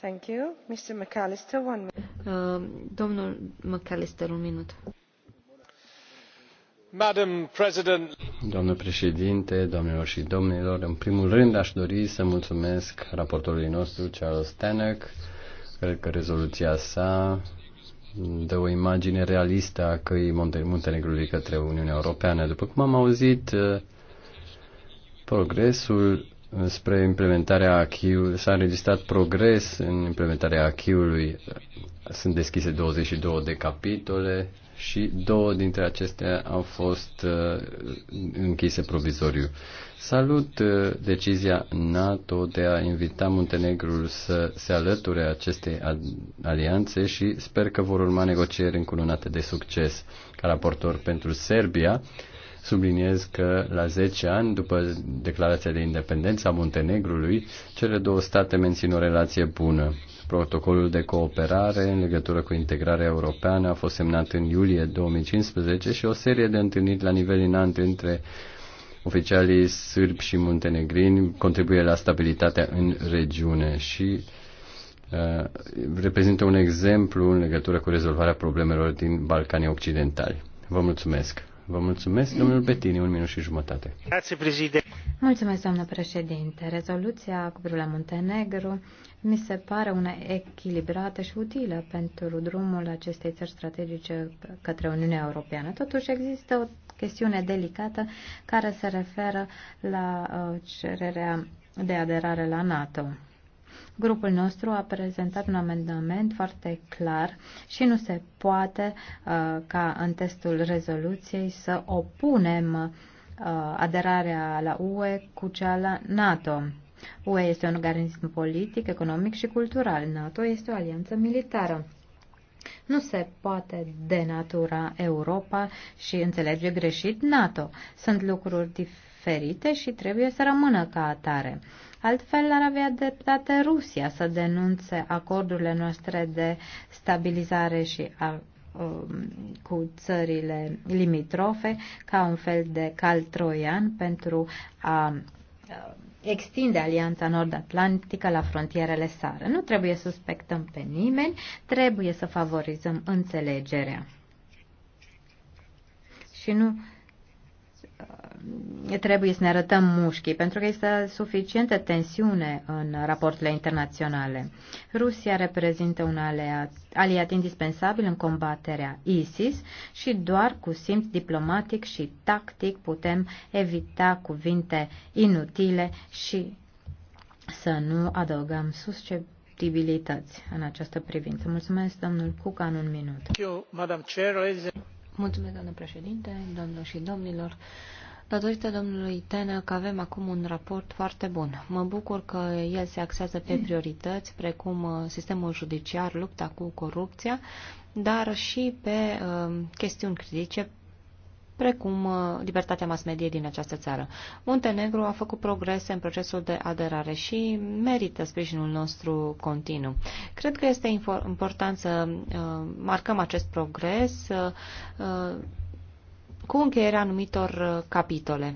Thank you. Mr. McAllister, one minute. Domnul McAllister, un minut. Madam President, Domnul președinte, doamnelor și domnilor, în primul rând aș dori să mulțumesc raportorului nostru, Charles Tannock. Cred că rezoluția sa dă o imagine realistă a căii Muntenegrului către Uniunea Europeană. După cum am auzit, eh, progresul spre implementarea acquis s-a înregistrat progres în implementarea acquis Sunt deschise 22 de capitole și două dintre acestea au fost uh, închise provizoriu. Salut uh, decizia NATO de a invita Muntenegrul să se alăture acestei alianțe și sper că vor urma negocieri încununate de succes. Ca raportor pentru Serbia, uh, Subliniez că la 10 ani după declarația de independență a Muntenegrului, cele două state mențin o relație bună. Protocolul de cooperare în legătură cu integrarea europeană a fost semnat în iulie 2015 și o serie de întâlniri la nivel înalt între oficialii sârbi și muntenegrini contribuie la stabilitatea în regiune și uh, reprezintă un exemplu în legătură cu rezolvarea problemelor din Balcanii Occidentali. Vă mulțumesc! Vă mulțumesc, domnul Betini, un minut și jumătate. Mulțumesc, doamnă președinte. Rezoluția cu privire la Muntenegru mi se pare una echilibrată și utilă pentru drumul acestei țări strategice către Uniunea Europeană. Totuși există o chestiune delicată care se referă la uh, cererea de aderare la NATO. Grupul nostru a prezentat un amendament foarte clar și nu se poate uh, ca în testul rezoluției să opunem uh, aderarea la UE cu cea la NATO. UE este un organism politic, economic și cultural. NATO este o alianță militară. Nu se poate denatura Europa și înțelege greșit NATO. Sunt lucruri diferite și trebuie să rămână ca atare. Altfel ar avea dreptate Rusia să denunțe acordurile noastre de stabilizare și a, um, cu țările limitrofe ca un fel de cal troian pentru a extinde Alianța Nord-Atlantică la frontierele sare. Nu trebuie să suspectăm pe nimeni, trebuie să favorizăm înțelegerea. Și nu Uh, trebuie să ne arătăm mușchii, pentru că este suficientă tensiune în raporturile internaționale. Rusia reprezintă un aliat, aliat indispensabil în combaterea ISIS și doar cu simț diplomatic și tactic putem evita cuvinte inutile și să nu adăugăm susceptibilități în această privință. Mulțumesc, domnul Cuca, în un minut. Mulțumesc, doamnă președinte, domnilor și domnilor. Datorită domnului Tenă că avem acum un raport foarte bun. Mă bucur că el se axează pe priorități, precum uh, sistemul judiciar, lupta cu corupția, dar și pe uh, chestiuni critice precum uh, libertatea mass mediei din această țară. Muntenegru a făcut progrese în procesul de aderare și merită sprijinul nostru continuu. Cred că este important să uh, marcăm acest progres uh, cu încheierea anumitor capitole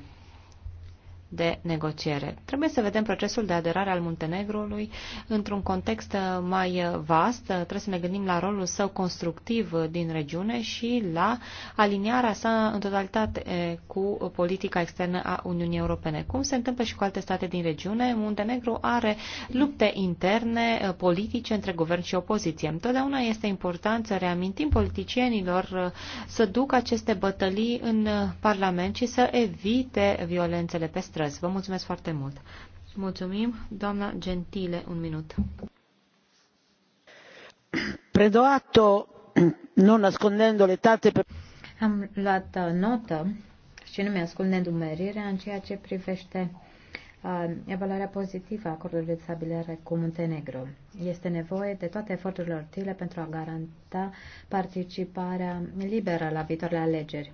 de negociere. Trebuie să vedem procesul de aderare al Muntenegrului într-un context mai vast. Trebuie să ne gândim la rolul său constructiv din regiune și la aliniarea sa în totalitate cu politica externă a Uniunii Europene. Cum se întâmplă și cu alte state din regiune, Muntenegru are lupte interne politice între guvern și opoziție. Întotdeauna este important să reamintim politicienilor să ducă aceste bătălii în Parlament și să evite violențele pe stradă lucrez. Vă mulțumesc foarte mult. Mulțumim. Doamna Gentile, un minut. Predo atto, non nascondendo le tante... Am luat uh, notă și nu mi-ascund nedumerirea în ceea ce privește uh, evaluarea pozitivă a acordului de stabilire cu Muntenegru. Este nevoie de toate eforturile utile pentru a garanta participarea liberă la viitoarele alegeri.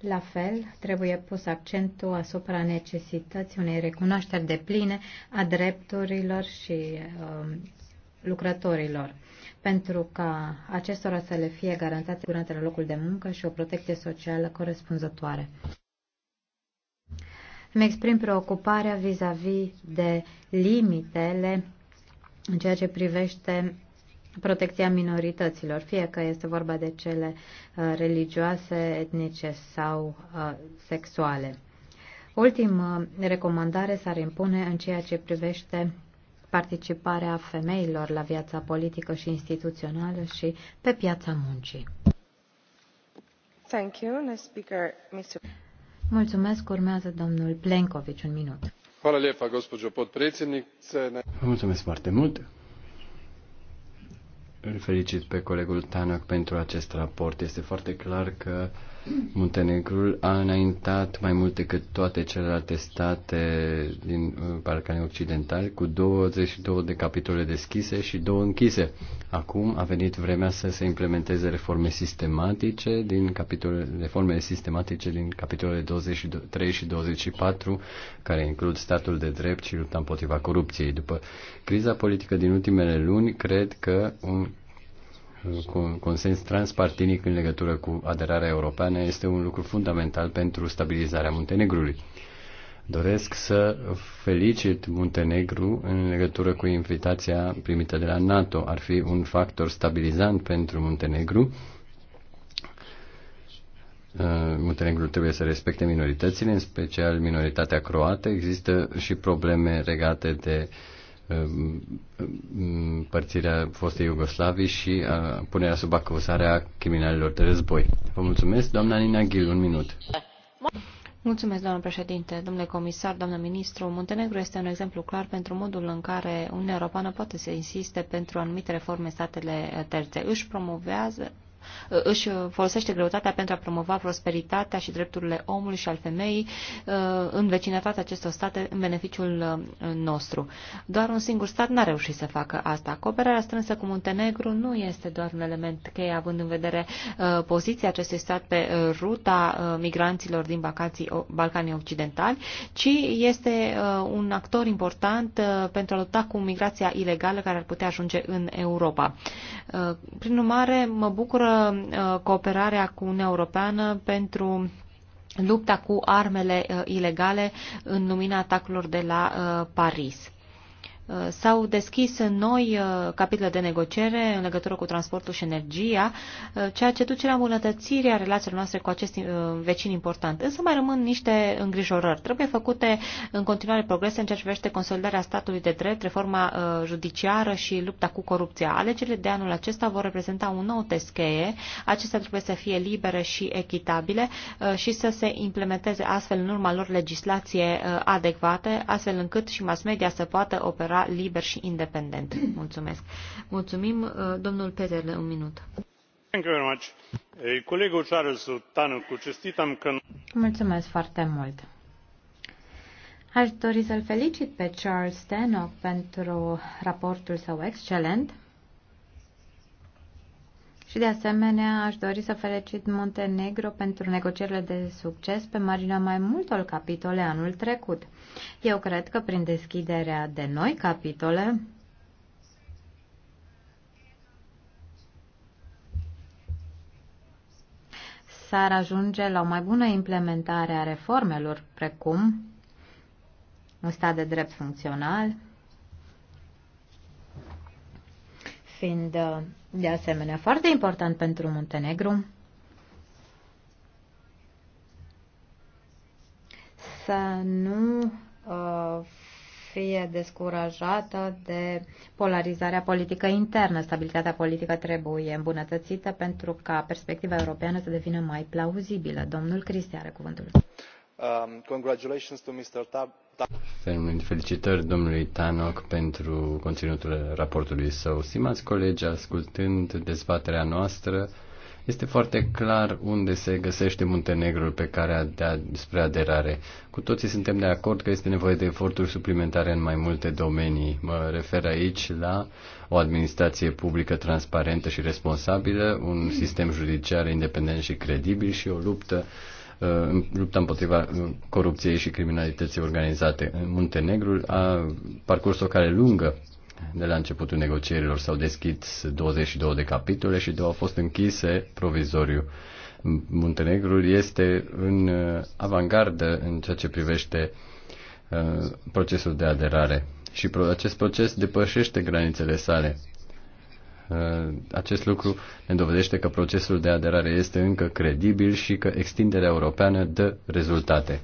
La fel, trebuie pus accentul asupra necesității unei recunoașteri de pline a drepturilor și um, lucrătorilor, pentru ca acestora să le fie garantate siguranță la locul de muncă și o protecție socială corespunzătoare. Îmi exprim preocuparea vis-a-vis -vis de limitele în ceea ce privește protecția minorităților, fie că este vorba de cele uh, religioase, etnice sau uh, sexuale. Ultima recomandare s-ar impune în ceea ce privește participarea femeilor la viața politică și instituțională și pe piața muncii. Thank you. Next speaker, Mr. Mulțumesc. Urmează domnul Plenković un minut. Vă Mulțumesc foarte mult. Îl felicit pe colegul Tanak pentru acest raport. Este foarte clar că uh, Muntenegrul a înaintat mai mult decât toate celelalte state din uh, Balcanii Occidentali cu 22 de capitole deschise și două închise. Acum a venit vremea să se implementeze reforme sistematice din capitole, reformele sistematice din capitolele 23 și 24, care includ statul de drept și lupta împotriva corupției. După criza politică din ultimele luni, cred că un cu consens transpartinic în legătură cu aderarea europeană este un lucru fundamental pentru stabilizarea Muntenegrului. Doresc să felicit Muntenegru în legătură cu invitația primită de la NATO. Ar fi un factor stabilizant pentru Muntenegru. Uh, Muntenegru trebuie să respecte minoritățile, în special minoritatea croată. Există și probleme legate de uh, despărțirea fostei Iugoslavii și a, uh, punerea sub acuzare a criminalilor de război. Vă mulțumesc, doamna Nina Ghil, un minut. Mulțumesc, doamnă președinte, domnule comisar, doamnă ministru. Muntenegru este un exemplu clar pentru modul în care Uniunea Europeană poate să insiste pentru anumite reforme statele terțe. Își promovează, își folosește greutatea pentru a promova prosperitatea și drepturile omului și al femeii uh, în vecinătatea acestor state în beneficiul uh, nostru. Doar un singur stat n-a reușit să facă asta. Cooperarea strânsă cu Muntenegru nu este doar un element cheie, având în vedere uh, poziția acestui stat pe ruta migranților din Balcanii Occidentali, ci este un actor important pentru a lupta cu migrația ilegală care ar putea ajunge în Europa. Prin urmare, mă bucură Uh, cooperarea cu Uniunea Europeană pentru lupta cu armele uh, ilegale în lumina atacurilor de la uh, Paris. Uh, s-au deschis noi uh, capitole de negociere în legătură cu transportul și energia, uh, ceea ce duce la îmbunătățirea relațiilor noastre cu acest vecin important. Însă mai rămân niște îngrijorări. Trebuie făcute în continuare progrese în ceea ce privește consolidarea statului de drept, reforma judiciară și lupta cu corupția. Alegerile de anul acesta vor reprezenta un nou test cheie. Acestea trebuie să fie libere și echitabile și să se implementeze astfel în urma lor legislație adecvate, astfel încât și mass media să poată opera demara liber și independent. Mulțumesc. Mulțumim, uh, domnul Peterle, un minut. Mulțumesc foarte mult. Aș dori să-l felicit pe Charles Stanock pentru raportul său excelent și de asemenea aș dori să felicit Montenegro pentru negocierile de succes pe marginea mai multor capitole anul trecut. Eu cred că prin deschiderea de noi capitole s-ar ajunge la o mai bună implementare a reformelor, precum un stat de drept funcțional, fiind uh, de asemenea foarte important pentru Muntenegru să nu uh, fie descurajată de polarizarea politică internă. Stabilitatea politică trebuie îmbunătățită pentru ca perspectiva europeană să devină mai plauzibilă. Domnul Cristi are cuvântul. Um, congratulations to Mr. Felicitări domnului Tannock pentru conținutul raportului său. Stimați colegi, ascultând dezbaterea noastră, este foarte clar unde se găsește Muntenegrul pe care de spre aderare. Cu toții suntem de acord că este nevoie de eforturi suplimentare în mai multe domenii. Mă refer aici la o administrație publică transparentă și responsabilă, un sistem judiciar independent și credibil și o luptă lupta împotriva corupției și criminalității organizate. Muntenegru a parcurs o cale lungă de la începutul negocierilor s-au deschis 22 de capitole și două au fost închise provizoriu. Muntenegru este în avangardă în ceea ce privește uh, procesul de aderare și acest proces depășește granițele sale. Uh, acest lucru ne dovedește că procesul de aderare este încă credibil și că extinderea europeană dă rezultate.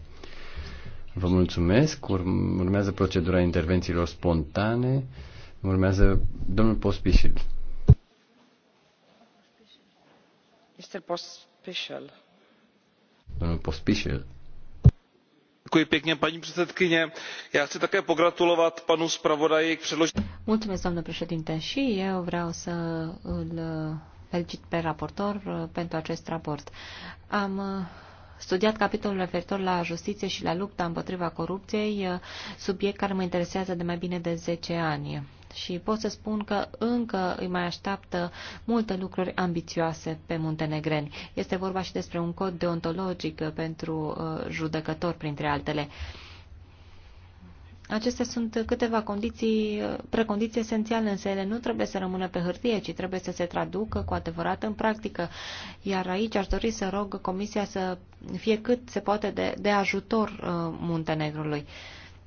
Vă mulțumesc. Urmează procedura intervențiilor spontane. Urmează domnul Pospișil. Mr. Pospișil. Domnul Pospișil paní předsedající já chci také pogratulovat panu zpravodaji k předložení. mulțumesc președinte raportor pentru acest raport. Am uh, studiat capitolul referitor la justiție și la lupta împotriva corupției, uh, subiect care mă interesează de mai bine de 10 ani și pot să spun că încă îi mai așteaptă multe lucruri ambițioase pe muntenegreni. Este vorba și despre un cod deontologic pentru uh, judecători, printre altele. Acestea sunt câteva condiții, precondiții esențiale, însă ele nu trebuie să rămână pe hârtie, ci trebuie să se traducă cu adevărat în practică. Iar aici aș dori să rog Comisia să fie cât se poate de, de ajutor uh, Muntenegrului. Uh,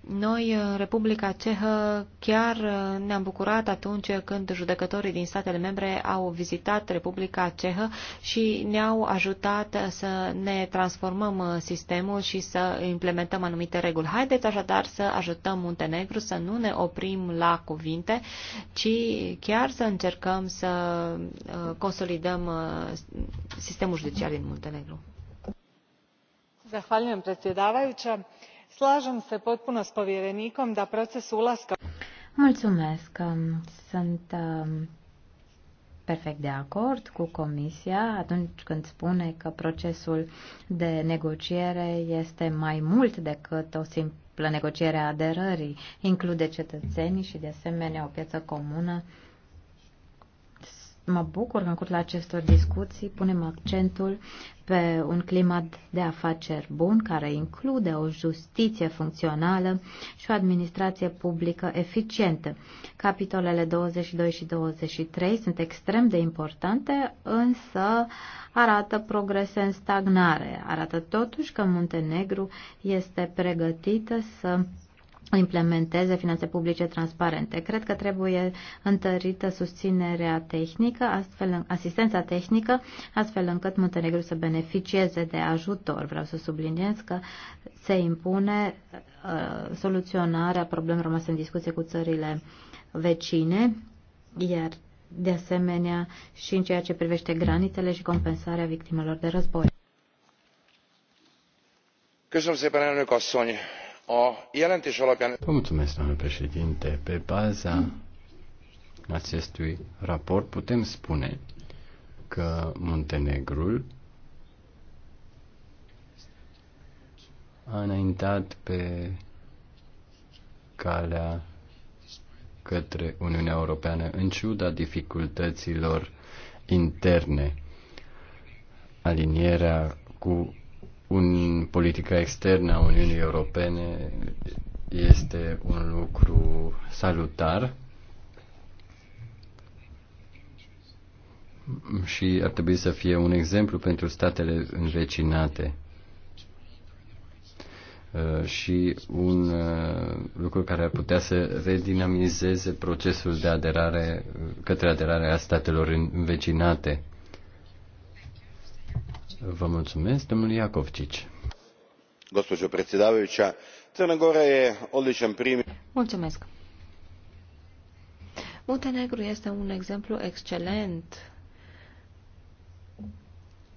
noi, în Republica Cehă, chiar uh, ne-am bucurat atunci când judecătorii din statele membre au vizitat Republica Cehă și ne-au ajutat să ne transformăm uh, sistemul și să implementăm anumite reguli. Haideți așadar să ajutăm Muntenegru să nu ne oprim la cuvinte, ci chiar să încercăm să uh, consolidăm sistemul judiciar din Muntenegru. Zahvaljujem predsjedavajuća slažem se potpuno s povjerenikom da proces ulaska. Mulțumesc. Um, sunt um, perfect de acord cu Comisia atunci când spune că procesul de negociere este mai mult decât o simplă negociere a aderării. Include cetățenii și, de asemenea, o piață comună Mă bucur că în cursul acestor discuții punem accentul pe un climat de afaceri bun care include o justiție funcțională și o administrație publică eficientă. Capitolele 22 și 23 sunt extrem de importante, însă arată progrese în stagnare. Arată totuși că Muntenegru este pregătită să implementeze finanțe publice transparente. Cred că trebuie întărită susținerea tehnică, astfel, asistența tehnică, astfel încât Muntenegru să beneficieze de ajutor. Vreau să subliniez că se impune uh, soluționarea problemelor rămase în discuție cu țările vecine, iar de asemenea și în ceea ce privește granițele și compensarea victimelor de război. Köszönöm szépen, elnök a jelentés alapján... mulțumesc, președinte. Pe baza acestui raport putem spune că Muntenegrul a înaintat pe calea către Uniunea Europeană în ciuda dificultăților interne. Alinierea cu un, politica externă a Uniunii Europene este un lucru salutar și ar trebui să fie un exemplu pentru statele învecinate uh, și un uh, lucru care ar putea să redinamizeze procesul de aderare uh, către aderarea statelor învecinate. Vă mulțumesc, Crna Gora je odličan primjer. Mulțumesc. Muntenegru este un exemplu excelent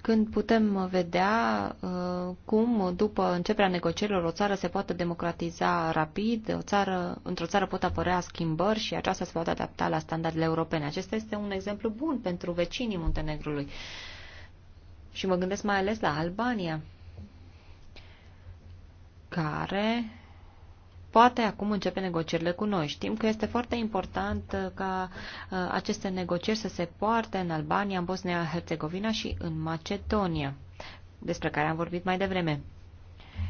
când putem vedea uh, cum, după începerea negocierilor, o țară se poate democratiza rapid, o țară, într-o țară pot apărea schimbări și aceasta se poate adapta la standardele europene. Acesta este un exemplu bun pentru vecinii Muntenegrului. Și mă gândesc mai ales la Albania, care poate acum începe negocierile cu noi. Știm că este foarte important ca uh, aceste negocieri să se poarte în Albania, în Bosnia-Herzegovina și în Macedonia, despre care am vorbit mai devreme.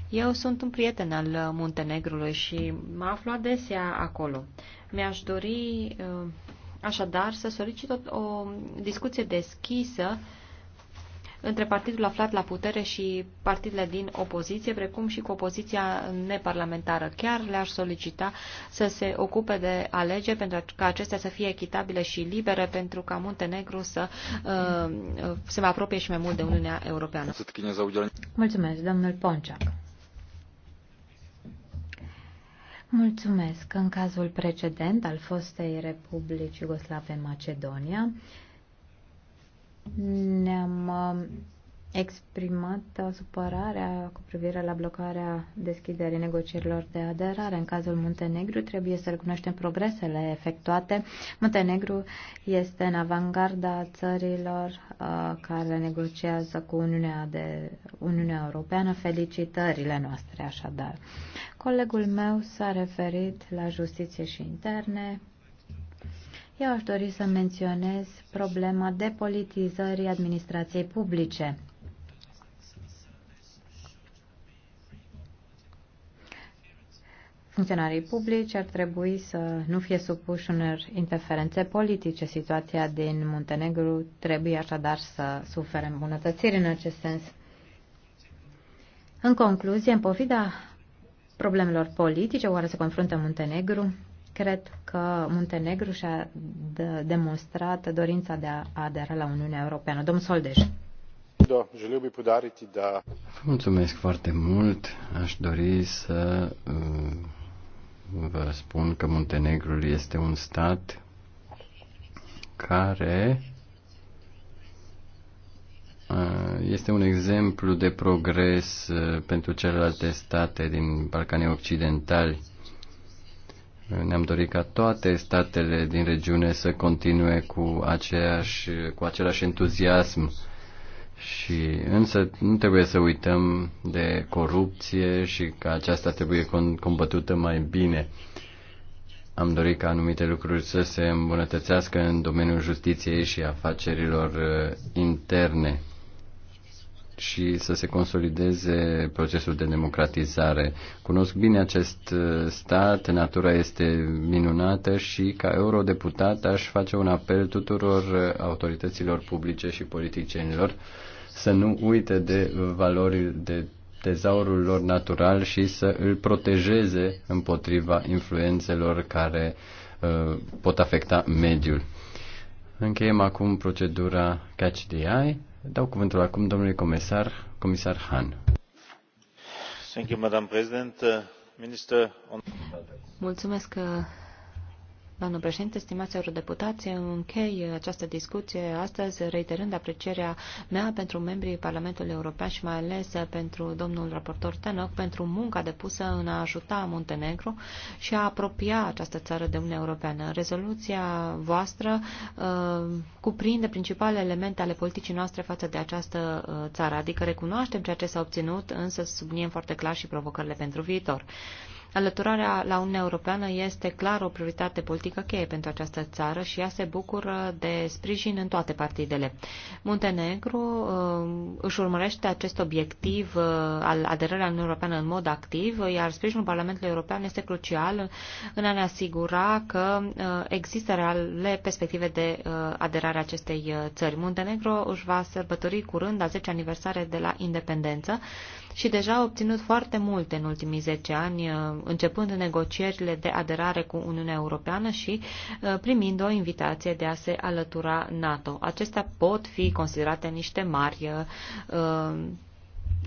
Eu sunt un prieten al Muntenegrului și mă aflu adesea acolo. Mi-aș dori uh, așadar să solicit o discuție deschisă între partidul aflat la putere și partidele din opoziție, precum și cu opoziția neparlamentară. Chiar le-aș solicita să se ocupe de alegeri pentru ca acestea să fie echitabile și libere, pentru ca Muntenegru să uh, se mai apropie și mai mult de Uniunea Europeană. Mulțumesc, domnul Ponceac. Mulțumesc. În cazul precedent al fostei Republici Iugoslave Macedonia, ne-am uh, exprimat supărarea cu privire la blocarea deschiderii negocierilor de aderare. În cazul Muntenegru trebuie să recunoaștem progresele efectuate. Muntenegru este în avangarda țărilor uh, care negociază cu Uniunea, de, Uniunea Europeană. Felicitările noastre, așadar. Colegul meu s-a referit la justiție și interne. Eu aș dori să menționez problema depolitizării administrației publice. Funcționarii publici ar trebui să nu fie supuși unor interferențe politice. Situația din Muntenegru trebuie așadar să suferă îmbunătățiri în acest sens. În concluzie, în pofida problemelor politice, oare se confruntă Muntenegru? Cred că Muntenegru și-a demonstrat dorința de a adera la Uniunea Europeană. Domnul Soldeș. Da, da- Mulțumesc foarte mult. Aș dori să uh, vă spun că Muntenegru este un stat care uh, este un exemplu de progres uh, pentru celelalte state din Balcanii Occidentali ne-am dorit ca toate statele din regiune să continue cu, aceeași, cu același entuziasm și însă nu trebuie să uităm de corupție și că aceasta trebuie combătută mai bine. Am dorit ca anumite lucruri să se îmbunătățească în domeniul justiției și afacerilor uh, interne și să se consolideze procesul de democratizare. Cunosc bine acest uh, stat, natura este minunată și ca eurodeputat aș face un apel tuturor uh, autorităților publice și politicienilor să nu uite de valori de tezaurul lor natural și să îl protejeze împotriva influențelor care uh, pot afecta mediul. Încheiem acum procedura Catch the Eye. Dau cuvântul acum domnului comisar, comisar Han. Thank you, Madam President. Uh, Minister... on... Mulțumesc, uh, Doamnă președinte, stimați eurodeputați, închei această discuție astăzi reiterând aprecierea mea pentru membrii Parlamentului European și mai ales pentru domnul raportor Tenoc pentru munca depusă în a ajuta Muntenegru și a apropia această țară de Uniunea Europeană. Rezoluția voastră uh, cuprinde principalele elemente ale politicii noastre față de această uh, țară, adică recunoaștem ceea ce s-a obținut, însă subliniem foarte clar și provocările pentru viitor. Uh, Alăturarea la Uniunea Europeană este clar o prioritate politică cheie pentru această țară și ea se bucură de sprijin în toate partidele. Muntenegru uh, își urmărește acest obiectiv uh, al aderării la Uniunea Europeană în mod activ, iar sprijinul Parlamentului European este crucial în a ne asigura că uh, există reale perspective de aderare a acestei țări. Muntenegru își va sărbători curând a 10 aniversare de la independență și deja a obținut foarte multe în ultimii 10 ani, uh, începând negocierile de aderare cu Uniunea Europeană și uh, primind o invitație de a se alătura NATO. Acestea pot fi considerate niște mari uh,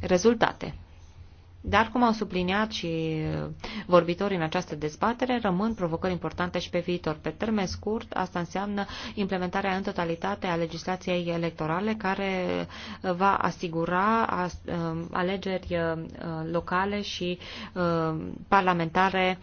rezultate. Dar, cum au subliniat și vorbitorii în această dezbatere, rămân provocări importante și pe viitor. Pe termen scurt, asta înseamnă implementarea în totalitate a legislației electorale, care va asigura um, alegeri uh, locale și uh, parlamentare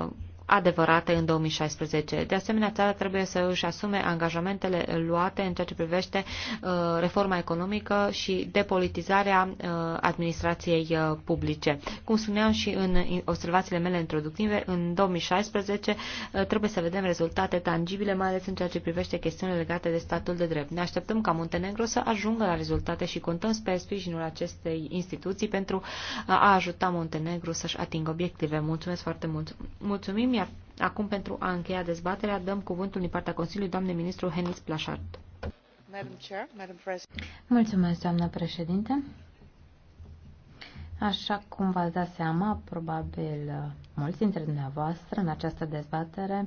uh, adevărate în 2016. De asemenea, țara trebuie să își asume angajamentele luate în ceea ce privește uh, reforma economică și depolitizarea uh, administrației uh, publice. Cum spuneam și în observațiile mele introductive, în 2016 trebuie să vedem rezultate tangibile, mai ales în ceea ce privește chestiunile legate de statul de drept. Ne așteptăm ca Muntenegro să ajungă la rezultate și contăm pe sprijinul acestei instituții pentru a ajuta Muntenegru să-și atingă obiective. Mulțumesc foarte mult! Mulțumim! iar acum pentru a încheia dezbaterea dăm cuvântul din partea Consiliului doamnei ministru Henis Plașart. Mulțumesc, doamnă președinte. Așa cum v-ați dat seama, probabil uh, mulți dintre dumneavoastră, în această dezbatere,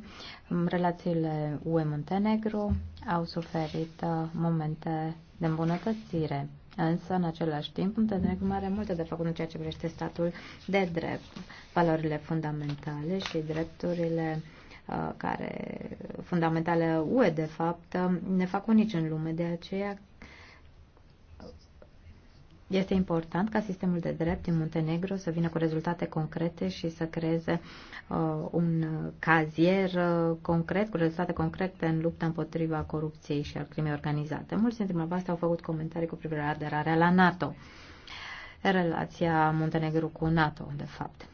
um, relațiile UE-Muntenegru au suferit uh, momente de îmbunătățire Însă, în același timp, întâlnesc mai are multe de făcut în ceea ce privește statul de drept, valorile fundamentale și drepturile uh, care fundamentale UE, de fapt, ne fac unici în lume. De aceea este important ca sistemul de drept din Muntenegru să vină cu rezultate concrete și să creeze uh, un cazier uh, concret, cu rezultate concrete în lupta împotriva corupției și al crimei organizate. Mulți dintre dumneavoastră au făcut comentarii cu privire la aderarea la NATO, relația Muntenegru cu NATO, de fapt.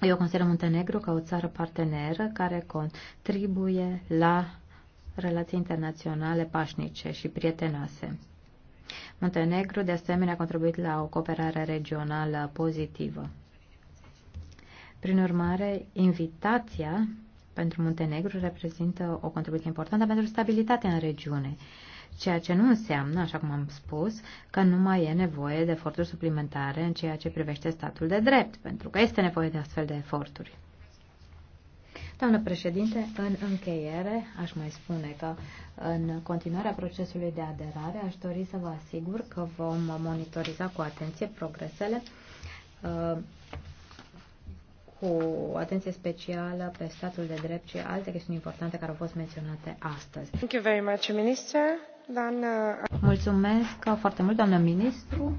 Eu consider Muntenegru ca o țară parteneră care contribuie la relații internaționale pașnice și prietenoase. Muntenegru, de asemenea, a contribuit la o cooperare regională pozitivă. Prin urmare, invitația pentru Muntenegru reprezintă o contribuție importantă pentru stabilitatea în regiune, ceea ce nu înseamnă, așa cum am spus, că nu mai e nevoie de eforturi suplimentare în ceea ce privește statul de drept, pentru că este nevoie de astfel de eforturi. Doamnă președinte, în încheiere aș mai spune că în continuarea procesului de aderare aș dori să vă asigur că vom monitoriza cu atenție progresele uh, cu atenție specială pe statul de drept și alte chestiuni importante care au fost menționate astăzi. Thank you very much, Minister. Doamnă... Mulțumesc foarte mult, doamnă ministru.